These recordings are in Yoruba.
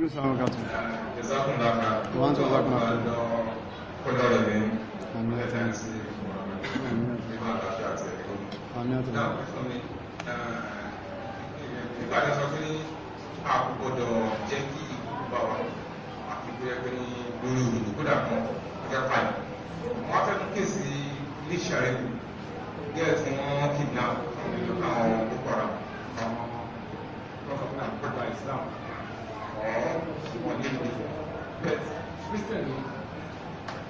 Yusuf Amakatu. Wọ́n tó lákùnlá fún kọ́dọ̀ rẹ̀ ní àmì ẹ̀tẹ́ sí àmì ẹ̀tẹ́ ìbánisọ fún ní àkùgbọ́dọ̀ jẹ́ kí ìkú bá wà àfi tó yẹ pé ní lórí òyìnbó kódà kan ọjọ́ pàdé wọ́n fẹ́ kí sí ní ìṣàrẹ́kù gẹ́ẹ̀ tí wọ́n kìdínà or someone named different. But Christian,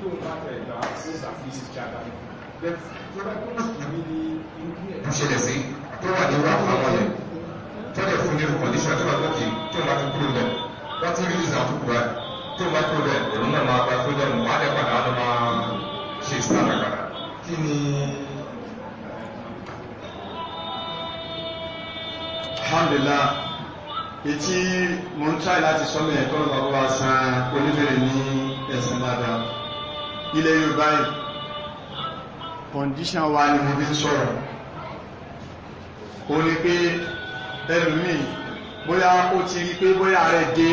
tó ń bá tẹ̀ gbà ó ṣàfihàn ìjàdá. But tó bá tó mùsùlùmí ní irú ẹ̀. Mo ṣẹlẹ̀ sí tó wà ní wàá fáwọn yẹn tó lè fún ní kọ̀ndíṣọ̀ tó bá tó kì í tó bá tó kúrò lẹ̀ alhamdulillah etí mo ń tíráì láti sọ́nà ẹ̀kọ́ lọ́wọ́ bá wa san oníbèrè ní ẹ̀sìn dáadáa ilẹ̀ yorùbá yìí kọ̀ǹdíṣàn wa ni mo fi ń sọ̀rọ̀ òun ni pé ẹlòmíì bóyá ó ti rí pé bóyá rẹ̀ dé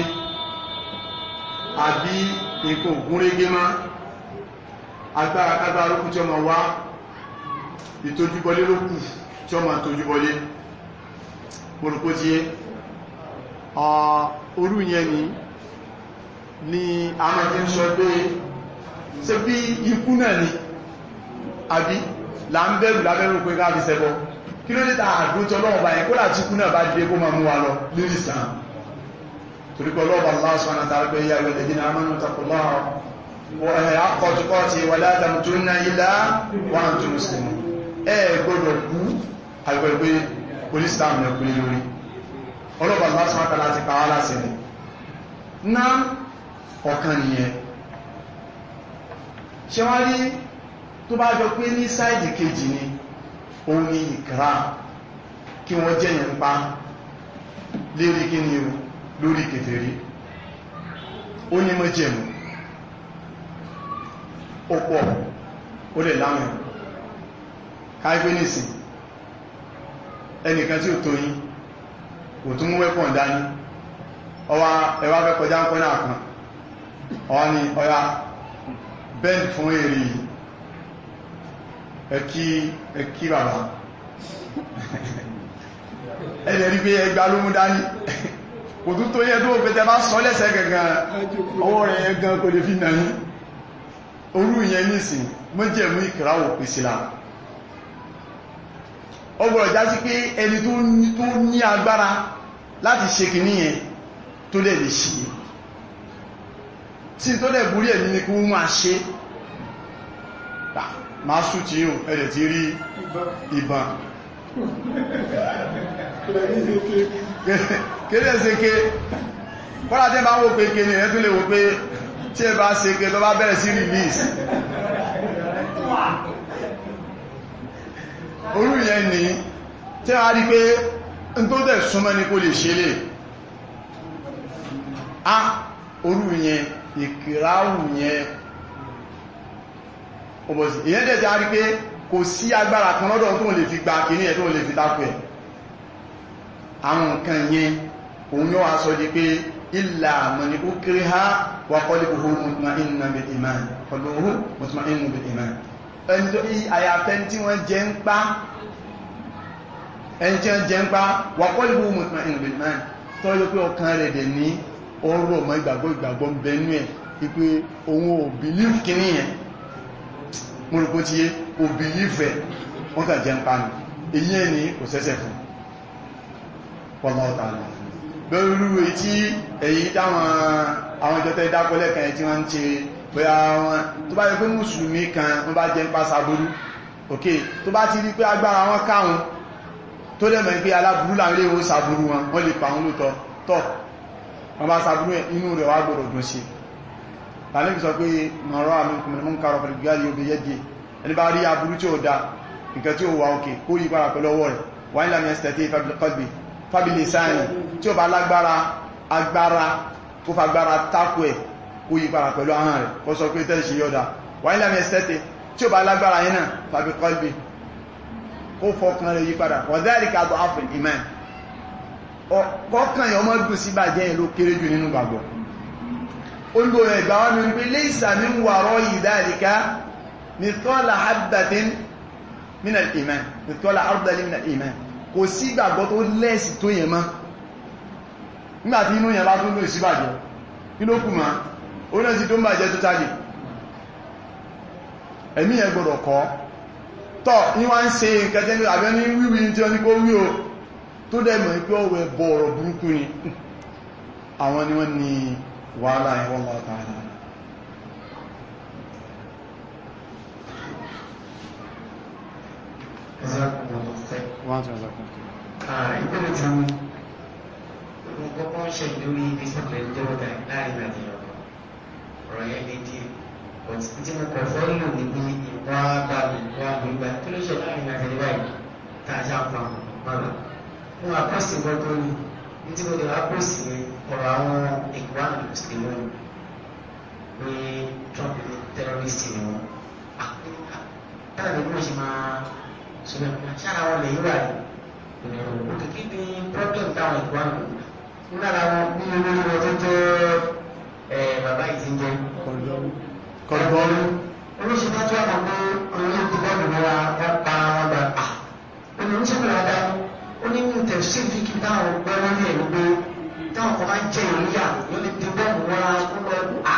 àbí nǹkan ògúnrégé mọ́ agbára kágbára ló kù tí ọmọ wa ìtojúbọlé ló tí ọmọ tojúbọlé mo rò pé ó ti yé orú yẹn ni ni àwọn ẹgbẹ́ ń sọ pé ṣe bí ikú náà ni àbí là ń bẹ̀rù lábẹ́rù pé káàbí sẹ́bọ̀ kí ló dìta àdójọ lọ́ọ̀bá yẹn kó láti ikú náà bá dé kó máa mú wa lọ lórí Islam torí pé ọlọ́ọ̀bá Allah subhanahu wa ta'ala pé yá wẹ̀lẹ̀ dínà amánú taqullaha haqqa tuqati wa la tamutunna illa wa antum muslimun ẹ gbọ́dọ̀ kú ọlọ́pàá bá sọ àtàlà ti pàwọ́ láti rẹ̀ ná ọ̀kan nìyẹn ṣe wá rí tó bá jọ pé ní sáìdì kejì ni òun ni ìkìrá kí wọ́n jẹ́yìn pa lérí kí ni o lórí kèfèrí ó ní mọ́ jẹ̀mù ó pọ̀ ó lè láwọn káìpé nìsìn ẹnìkan tí ò tó yín kò tún mú wẹ́pọ̀n dání ọwá ẹwà fẹ́ kọjá ń kọ́nà kan ọwá ni ọya bend fún èrè ẹkí ẹkí bàbá ẹ̀lẹ̀ rí pé ẹgbà ló mú dání kò tún tó yẹ tó o pẹ̀tẹ̀ bá sọ lẹ́sẹ̀ gẹ̀gàn ọwọ́ rẹ̀ gan kò lè fi nà orú ìyẹn nísìn mọ́jẹ̀mú ìkìláwò pèsè láà ó gbọ́dọ̀ já sí pé ẹni tó ní agbára láti ṣe kì níyẹn tó lè lè ṣe tí tó lè gúrí ẹ̀mí ní kí wọ́n máa ṣe máa sú tí yíò ẹ̀rẹ̀ tí rí ìbọn kéde ṣeke kọ́lá tẹ́ bá wó pé kéde ẹ̀ tó lè wó pé tí ẹ bá ṣeke tó bá bẹ̀rẹ̀ sí release orú yẹn ni tí a rí pé n tó ní kò lè ṣe lè a orú yẹn ìkìráhù yẹn ọbọ̀sí ìyẹn dẹ̀ tí a rí pé kò sí agbára kan lọ́dọ̀ tó lè gba kìíní ẹ̀ tó lè fi tako ẹ̀ àwọn nǹkan yẹn òun sọ di pé ìlà àmọ́ni ó kéré ha wà kọ́lé ohun ẹni tó ní àyàfẹ́ tí wọ́n jẹ ń pa ẹni tí wọ́n jẹ ń pa wàkọ́ ìlú mùtùmá ìrìnlẹ̀ tó yẹ pé ọkàn rẹ̀ dẹ̀ ní ọrọ̀ mọ́ ìgbàgbọ́ ìgbàgbọ́ ń bẹnú ẹ̀ wípé òun ò bìlíf kìíní yẹn mo rò pé ti yé ò bìlíf ẹ̀ wọ́n kà jẹ ń pa nù èyí ẹ̀ ní kò sẹ́sẹ̀ fún ọmọ ọ̀tà náà lórú etí èyí táwọn àwọn ìjọtẹ́ ìdákọ́lẹ̀ kan tí wọ́n ń ṣe bóyá wọn tó bá yẹ pé mùsùlùmí kan wọ́n bá jẹ́ ń pàṣà burú ok tó bá ti rí pé agbára wọn káwọn tó dẹ̀ mọ̀ pé aláburú láwọn ilé ìwòsàn burú wọn wọ́n lè pa àwọn lóòótọ́ tọ́ wọ́n bá sàbúrú inú rẹ̀ wá gbọ́dọ̀ dùn sí tàbí sọ pé mọ̀rọ̀ àmìnkùnmọ̀ mún kàrọ̀ pẹ̀lú gbíyà yóò bèyẹ díẹ̀ ẹni bá rí aburú tí ó dá nǹkan tí ó wà òkè kó yí padà pẹ̀lú ọwọ́ rẹ̀ wáyé lámìí ẹsẹ̀ tí ìfẹ́ fábílì sáyìn tí ó bá lágbára agbára kó fagbára tako ẹ̀ kó yí para pẹ̀lú ahọ́n rẹ̀ kó sọ pé tẹ́ ṣe yọ́dá wáyé lámẹ́ sẹ́tẹ̀ tí ó bá lágbára yẹn náà fàbí kọ́lbì kó fọkàn rẹ̀ yí padà wọ̀dẹ́rì kàdọ̀ áfìn iman kọ́kàn yọ mọ́ dùn sí bàjẹ́ yẹn min al-iman min al-iman kò sí ìgbàgbọ́ tó lẹ́ẹ̀sì tó yẹn má nígbàtí inú yẹn bá tún lò ìsíbàjẹ́ inú kù má ó náà sí tó ń bàjẹ́ tó tàbí ẹ̀mí yẹn gbọ́dọ̀ kọ́ tọ́ ní wá ń ṣe kẹtẹ́lú àbẹ́ o ni ni wọ́n tún ẹ̀sọ́ kan. ìbéèrè tí mo kọ́kọ́ ṣe lórí discipline ìjọba láàrin àti ọ̀rọ̀ ọ̀rọ̀ yẹn lè di ọ̀tí tí mo kọ̀ fẹ́ lò ní pé ìwà bá mi wà mí gbà kí ló ṣe láàrin àti ìwà yìí tá a ṣáà fún àwọn bàbá mo wà pọ́sì gbọ́dọ̀ ni ní tí mo lè wá pọ́sì ọ̀rọ̀ àwọn ìwà mi kò sí lóyún pé Trump ní tẹ́rọ́rìsì ni wọ́n. táwọn ẹgbẹ́ mi ṣe máa sọ̀rọ̀ sára wọn lè yíra rẹ̀ kìkì ní problem táwọn ìgbà ń lò lára wọn ní olórí wọn tó jẹ́ bàbá yìí ti ń jẹ́ kọ̀dọ̀ọ́lù olóṣèlú tó wà pé olórí ti bọ́ọ̀lù lọ́wọ́ wọn pa wọn gbà á ọmọ oníṣègùn àdá ó ní mú tẹ̀sí fíkì táwọn gbọ́ lórí ẹ̀ gbogbo táwọn kan máa ń jẹ ìrìyà yóò lè ti bọ́ọ̀lù wọn kúkọ́ á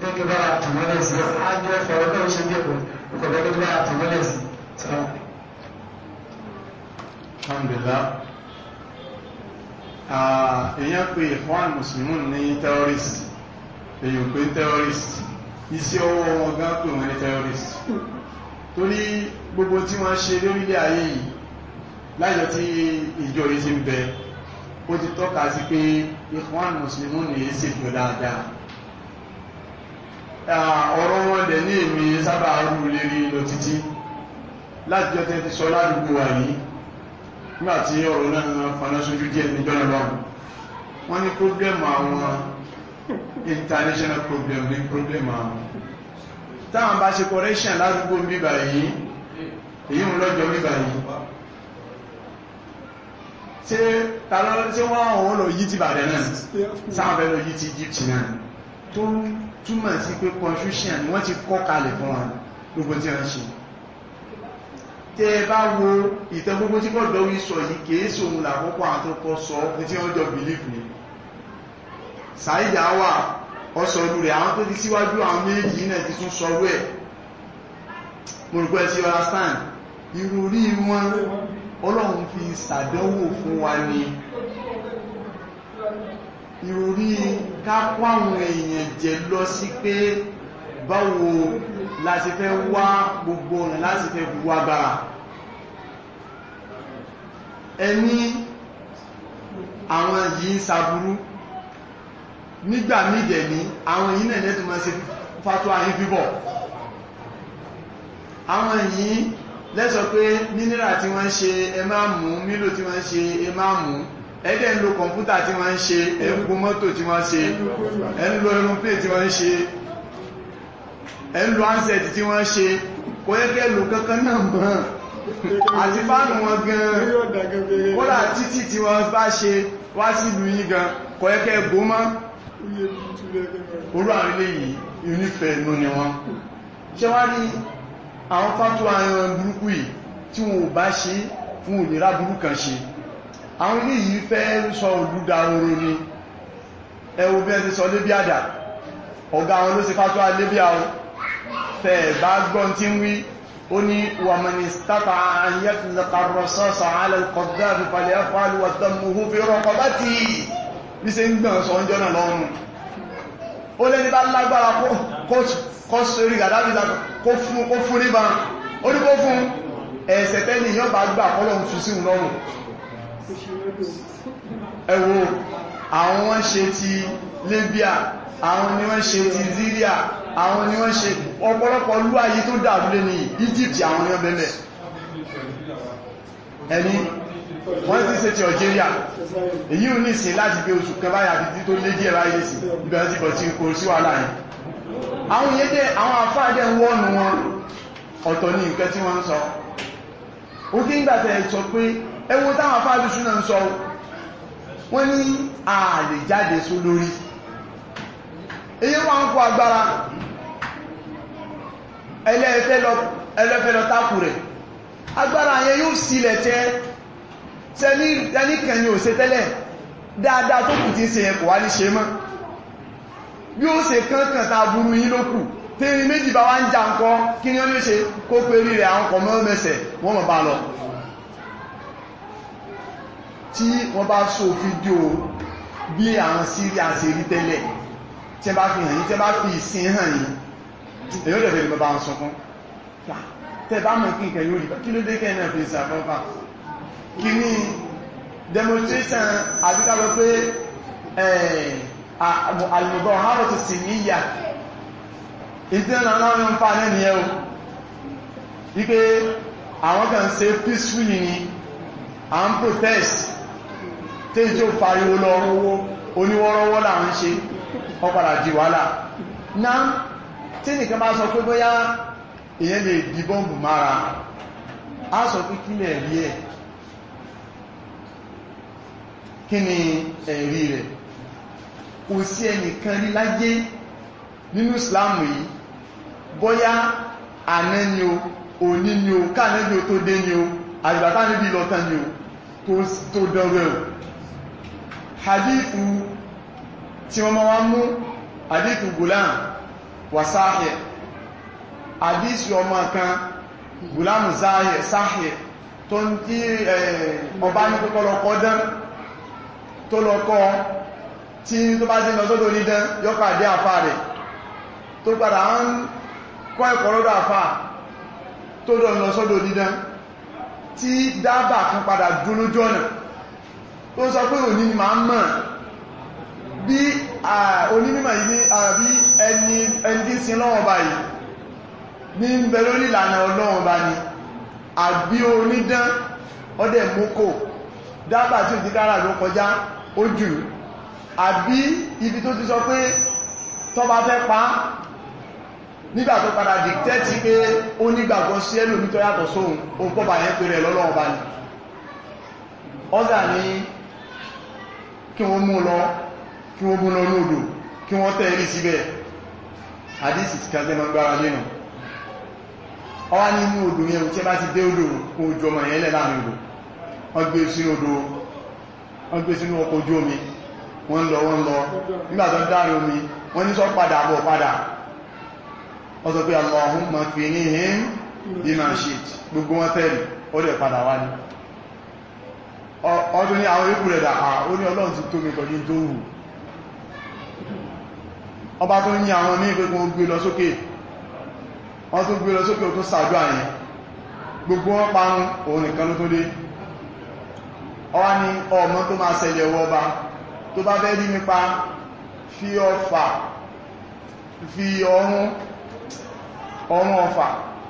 gẹ́gẹ́ bá a tùmọ́lẹ̀ sí i á jẹ́ fọ̀rọ̀ náà ó ṣe bí ẹ̀kọ́ kọ̀ọ̀kan gẹ́gẹ́ a tùmọ́lẹ̀ sí i alhamdulillah èèyàn pé Ikhwan Muslimun ní terrorist èèyàn pé terrorist iṣẹ́ ọwọ́ wọn gán pè wọ́n ní terrorist torí gbogbo tí wọ́n ṣe lórílẹ̀ ayé yìí láyọ tí ìjọ yìí ti ń bẹ ó ti tọ́ka sí pé Ikhwan Muslimun ní í ṣètò dáadáa ọ̀rọ̀ wọn dẹ̀ ní èmi sábà rú lérí lọ títí láti jọ tẹ́ ti sọ ládùúgbò wa yìí nígbà tí ọ̀rọ̀ náà faná sójú díẹ̀ níjọ́ náà lọ́wọ́ wọ́n ní pọ́blẹ́mù àwọn international problem ní pọ́blẹ́mù àwọn táwọn bá ṣe correction ládùúgbò bíbà yìí èyí ń lọ́jọ́ bíbà yìí ṣé tàbí tí wọ́n àwọn lọ yí ti bàdẹ̀ náà sáwọn fẹ́ lọ yí ti Egypt náà tó túmọ̀ sí pé constitution wọ́n ti kọ́ kalẹ̀ fún wa gbogbo tí wọ́n ṣe tẹ́ ẹ bá wo ìtàn gbogbo tí bọ́ọ̀dọ̀ wí sọ yìí kìí sòun làkọ́kọ́ àwọn tó kọ́ sọ ní tí wọ́n jọ bìlífù ni sàìdá wà ọsọ ìlú rẹ̀ àwọn tó ti síwájú àwọn méjì náà ti tún sọ rẹ̀ mo rò pé ẹ ti understand irú rí wọn ọlọ́run fi ṣàdánwò fún wa ni ìròrí ká kó àwọn èèyàn jẹ lọ sí pé báwo láti fẹ́ wá gbogbo ọ̀nà láti fẹ́ gbogbo agbára ẹni àwọn yìí ń sàbúrú nígbà mídẹ̀ ní àwọn yìí nẹ̀ lẹ́tù máa ṣe fàtó ayé bíbọ̀ àwọn yìí lẹ́sọ pé mínírà tí wọ́n ṣe ẹ máa mú mílò tí wọ́n ṣe ẹ máa mú ẹgbẹ́ ń lo kọ̀mpútà tí wọ́n ṣe ẹ mọ́tò tí wọ́n ṣe ẹ ń lo aeroplane tí wọ́n ṣe ẹ ń lo handset tí wọ́n ṣe kò yẹ kẹ́ lò kankan náà mọ́ àti fáànù wọn gan-an kódà títí tí wọ́n bá ṣe wá sí ìlú yìí gan kò yẹ kẹ́ gbó mọ́ orú àwọn yìí onífẹ̀ẹ́ inú ni wọ́n ṣé wá ní àwọn fátúwà ẹran burúkú yìí tí wọn ò bá ṣe fún òlera burúkú kan ṣe àwọn ilé yìí fẹ́ sọ olúdaroro ni ẹwọ bí ẹ ti sọ lébíàdà ọ̀gá àwọn ló ṣe fátúwà lébíà o tẹ́ ẹ̀ bá gbọ́n tí ń wí ó ní wàmàní stata àyẹ́tìlẹ̀ta rọ̀sọ́sọ̀ alẹ́kọ̀dá fífàlẹ̀ fàálù wàtàmùhú fi rọ̀kọ̀ bá ti bí se ń gbọ́n sọ ọjọ́ náà lọ́rùn ó lé ní àwọn wọ́n ṣe ti Libya àwọn ni wọ́n ṣe ti Syria àwọn ni wọ́n ṣe ọ̀pọ̀lọpọ̀ lú ayé tó dàrú lé ní Egypt àwọn ni wọ́n bẹ̀lẹ̀ ẹni wọ́n ti ṣe ti Algeria èyí ò ní ìsìn láti gbé oṣù kan báyà títí tó lé díẹ̀ láyé sí ìbẹ̀rẹ̀ sí bọ̀tí kò sí wà láyé àwọn yẹn dẹ́ àwọn àfáàdẹ́ ń wọ́nu wọn ọ̀tọ̀ ní nǹkan tí wọ́n ń sọ ó kí ń gbàtẹ̀ sọ pé ẹwọ táwọn àfáàdùsùn náà ń sọ wọ́n ní ààlè jáde só lórí èyí wà ń kó agbára ẹlẹ́fẹ́ lọ tákù rẹ̀ agbára yẹn yóò sílẹ̀ tẹ́ tẹ́nìkan ni ò ṣe tẹ́lẹ̀ dáadáa tó kù tí ń ṣe yẹn kò wá ní ṣe mọ́ bí ó ṣe kankan ta burú yín ló kù tẹ́rin méjì bá wá ń jà ńkọ́ kí ni ó ní ṣe kó pé rí rẹ̀ àwọn kọ̀ mẹ́rẹ̀mẹsẹ̀ wọ́n mọ̀ bá lọ tí wọ́n bá sófin dí o bí àwọn síríà ṣe rí tẹ́lẹ̀ tí bá fi hàn yí tí bá fi ìsìn hàn yí èyí lè bẹ̀rẹ̀ bàbá sọkún tẹ́ bá mọ̀ kí n kẹ̀yìn òrìbá kí ló dé kẹ́ náà fi ìsàfọ́fà kí ní demonstration àbíkálọ pé àlùmọ̀bọ̀ harrow ti sì níyà ìdínà láwọn ń fa náà nìyẹn o wípé àwọn kan ṣe peaceful yìí ni à ń protest tí ìjọ pariwo lọ oníwọ́rọ́wọ́ là ń ṣe ọ̀padà ji wàhálà na tí nìkan bá sọ pé bóyá èyẹ lè di bọ́ǹbù mara a sọ pé kí lè rí ẹ̀ kí ni ẹ̀rí rẹ̀ kò sí ẹnìkan rí láyé nínú islamu yìí bóyá àná ni o òní ni o káàná ni o tó dé ni o àgbàtà níbi ìlọ́tàn ni o tó dọ̀rọ̀ ẹ̀ hadithu tí wọ́n máa mú àdíkù gulam wàsáhẹ̀ àdísù ọmọ kan gulam záhẹ̀ sáhẹ̀ tó ń tí ọba ní pípọ́ lọ́kọ́ dán tó lọ́kọ́ tí tó bá ti lọ sódò ní dán yọ́pàá dé àfà rẹ̀ tó padà ń kọ́ ẹ̀kọ́ lọ́dọ̀ àfà tó dọ̀ lọ sódò ní dán tí dábà kan padà dúró jọ́nà tó sọ pé òní ni máa mọ̀ bí onímọ̀ yìí ní àbí ẹni tí ń sin lọ́wọ́ báyìí ní ń bẹ lórí ìlànà ọlọ́wọ́ bá ní àbí onídán ọdẹ mọ́kò dábà tí ò ti kára ló kọjá ojú àbí ibi tó ti sọ pé tọba fẹ́ pa nígbà tó padà dìtẹ́tì pé ó nígbàgbọ́ sí ẹlòmí tó yàtọ̀ sóhun òun pọ́bà yẹn pé rẹ̀ lọ́lọ́wọ́ bá ní ọ́sà ní kí wọ́n mú lọ kí wọ́n gbóná lóòdò kí wọ́n tẹ̀rí síbẹ̀ àdísì ti kàzẹ́ máa gbára lẹ́nu ọwá nínú odò yẹn tí a bá ti dé odò ojú ọmọ yẹn lẹ́ láàrin odò wọ́n gbé e e sínú ọkọ̀ ojú omi wọ́n lọ wọ́n lọ nígbà tó omi wọ́n ní sọ padà bọ̀ padà sọ fi ní bí máa ṣe gbogbo wọn ó dẹ̀ padà wá ní ọdún àwọn ah, ikú ọba tó ní àwọn ní ìpẹ́kùn gbé lọ sókè wọ́n tó gbé lọ sókè ò tó sàájú àyìn gbogbo wọn parun òun nìkan ló tó dé ọwá ni ọmọ tó máa ṣẹlẹ̀ ọwọ́ ọba tó bá fẹ́ rí nípa fi ọfà fi ọrún ọrún ọfà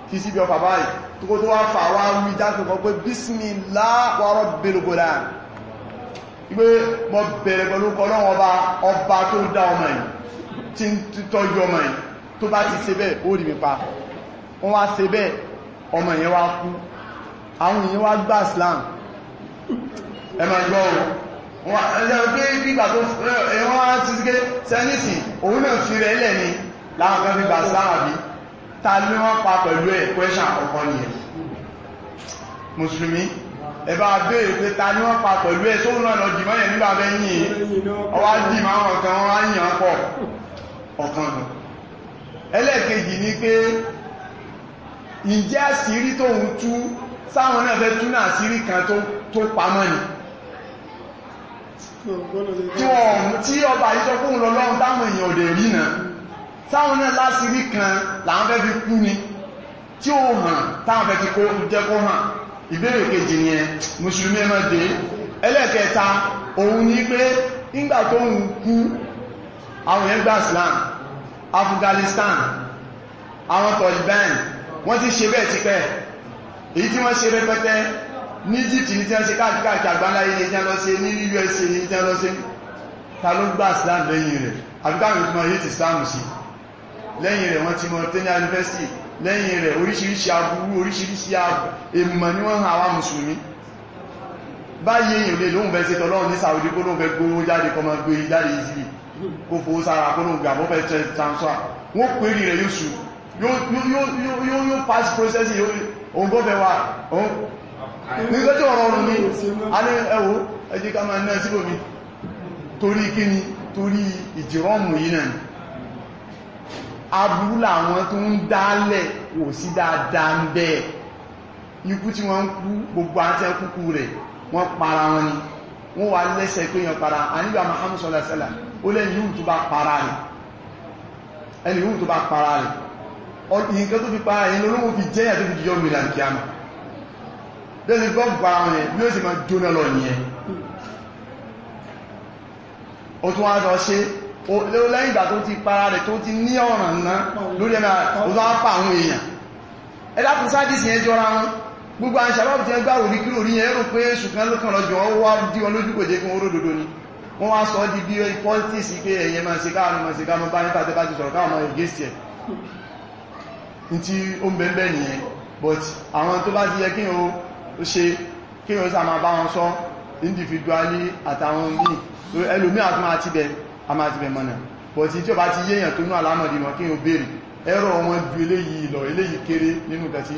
fi síbi ọfà báyìí tó kó tó wá fà wá wí jákòó pé bísmìlá wa rabbil gulam pé mo bèrè pẹ̀lú kọlọ́wọ́ ọba ọba tó dá ọmọ yìí tí ń tọ́jú ọmọ yìí tó bá ti ṣe bẹ́ẹ̀ ó rí mi pa wọ́n wá ṣe bẹ́ẹ̀ ọmọ yẹn wá kú àwọn èèyàn wá gbà Islam ẹ máa gbọ́ o wọ́n ẹ̀sẹ̀ pé gbígbà tó ẹ̀wọ́n wá ti ṣe sẹ́nìsì òun náà fi rẹ̀ lẹ̀ ni láwọn kan fi gbà Islam àbí ta ni wọ́n pa pẹ̀lú ẹ̀ kwẹ́ṣà ọkọ nìyẹn mùsùlùmí ẹ̀bá béèrè pé ta ni wọ́n pa pẹ̀lú ẹ sóhun náà lọ dìmọ́ yẹn nígbà bẹ́ẹ̀ yìn ọwá dìmọ́ àwọn kan wọ́n á yàn pọ̀ ọ̀kan nù ẹlẹ́ẹ̀kejì ni pé ǹjẹ́ àṣírí tó ń tú sáwọn náà fẹ́ tú náà àṣírí kan tó pamọ́ ni tí ọba yìí sọ pé òun lọ́lọ́run táwọn èèyàn òdè rí náà sáwọn náà láṣírí kan làwọn fẹ́ fi kú ni tí ó hàn táwọn fẹ́ fi kó jẹ́ kó hàn ìbéèrè kejì ni ẹ mùsùlùmí ẹmọ́ dé ẹlẹ́ẹ̀kẹta òun ní pé ìgbà tó ń kú àwọn ẹgbà Islam Afghanistan àwọn Taliban wọ́n ti ṣe bẹ́ẹ̀ ti pẹ́ èyí tí wọ́n ṣe rẹpẹtẹ ní Egypt ní tí wọ́n ṣe káàkiri àgbáláyé ní ìjẹ́ lọ́sẹ̀ ní USA ní ìjẹ́ lọ́sẹ̀ ta ló gbà Islam lẹ́yìn rẹ̀ àbíkáwẹ̀ ìtumọ̀ yìí ti Islam sí lẹ́yìn rẹ̀ wọ́n ti mọ̀ tẹ́lẹ̀ university lẹ́yìn rẹ̀ oríṣiríṣi aburú oríṣiríṣi èmọ̀ ni wọ́n hàn àwọn mùsùlùmí báyìí èyàn lè lóhun bẹ́ẹ̀ sẹ́tọ̀ lọ́run ní Saudi kó lóhun bẹ́ gbówó jáde kọmọ gbé e jáde ìzìlì kó fowó sára kó lóhun gbàmọ́ fẹ́ pass process òun gọ́bẹ̀ wà nígbẹ́jọ ọ̀rọ̀ ọ̀run ní alẹ́ ẹwọ́ ẹjí ká máa náà síbòmí torí kíni aburú làwọn tó ń dálẹ̀ kò sí dáadáa ń bẹ́ẹ̀ ikú tí wọ́n ń kú gbogbo àtẹ́ kúkú rẹ̀ wọ́n para wọn ni wọ́n wá lẹ́sẹ̀ pé yàn para àníbà Muhammad sallallahu alaihi wasallam ó lẹ́yìn yóò tó bá para rẹ̀ ẹni yóò tó bá para rẹ̀ nǹkan tó fi para rẹ̀ lọ́wọ́ fi jẹ́ yàtọ̀ fi jíjọ́ mìíràn kíámà lẹ́sẹ̀ gbọ́ para wọn yẹn bí ó sì máa jóná lọ nìyẹn ó tún wá lọ ṣe lẹ́yìn ìgbà tó ti para rẹ̀ tó ti ní ọ̀ràn náà lórí ẹ̀mẹ́ òun á pa àwọn èèyàn ẹ̀dá fún sáàdìsì yẹn jọra wọn gbogbo àwọn ìṣàbáwò tí ẹ gbà rò nígbìrò rí yẹn rò pé ṣùgbọ́n lókàn lọ́jọ́ wá dí wọn lójú kò jẹ́ kí wọ́n ni wọ́n wá sọ di bí politics pé ẹ̀yẹ máa ṣe káàmù máa ṣe káàmù bá nípa tẹ́bá ti sọ̀rọ̀ káàmù against ẹ̀ tí ó ń bẹ́ẹ̀ nìyẹn but àwọn tó bá ti yẹ kí o ṣe kí o sàmà bá wọn sọ individually àtàwọn míì ẹlòmí àtúmọ̀ bẹ̀rẹ̀ a máa ti bẹ̀mọ̀nà bọ̀ tí tí ó bá ti yéèyàn tó ní alámọ̀dì wọn kí o béèrè ẹ̀rọ wọn ju eléyìí lọ eléyìí kéré nínú ìgbà tí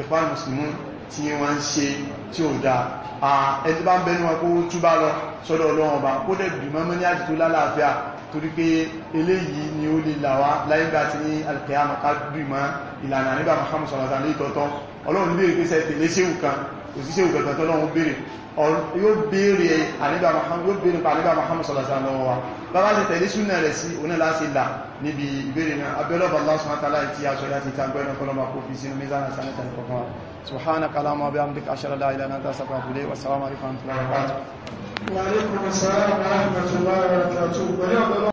ìfà mùsùlùmí tí wọ́n ń ṣe tí ó dáa ẹni bá ń bẹnu wọn kó túbá lọ sọ́dọ̀ ni ó lè là wá láyégbà tí ní alkiyama ká dùn mọ́ ìlànà nígbà Muhammad sọ̀rọ̀ta ní ìtọ́tọ́ ọlọ́run béèrè pé sẹ́ tẹ̀lé ṣéwù kan òṣìṣẹ́ ògbẹ̀tọ̀ yóò béèrè àníbà Muhammad sọ̀rọ̀ta lọ́wọ́ bàbá ṣe tẹ̀lé súnà rẹ̀ sí òun náà láti là níbi ìbéèrè náà abẹ́lọ́bà lásán àtàlá ìtì aṣọ láti tàgbẹ́ ẹ̀nà kọlọ́mà kó fi sínú mẹ́sàn-án sanẹ́tà ìkọ̀kan subhanaka allahumma bihamdika ashhadu an la ilaha illa